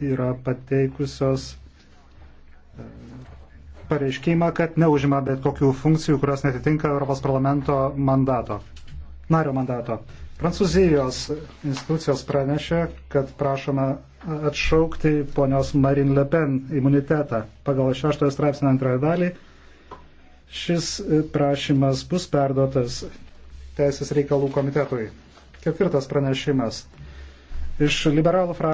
yra pateikusios e, pareiškimą, kad neužima bet kokių funkcijų, kurios netitinka Europos parlamento mandato, nario mandato. Prancūzijos institucijos pranešė, kad prašoma atšaukti ponios Marine Le Pen imunitetą pagal 6 straipsnio antrąją dalį. Šis prašymas bus perduotas Teisės reikalų komitetui. Ketvirtas pranešimas. Iš liberalų frakcijos.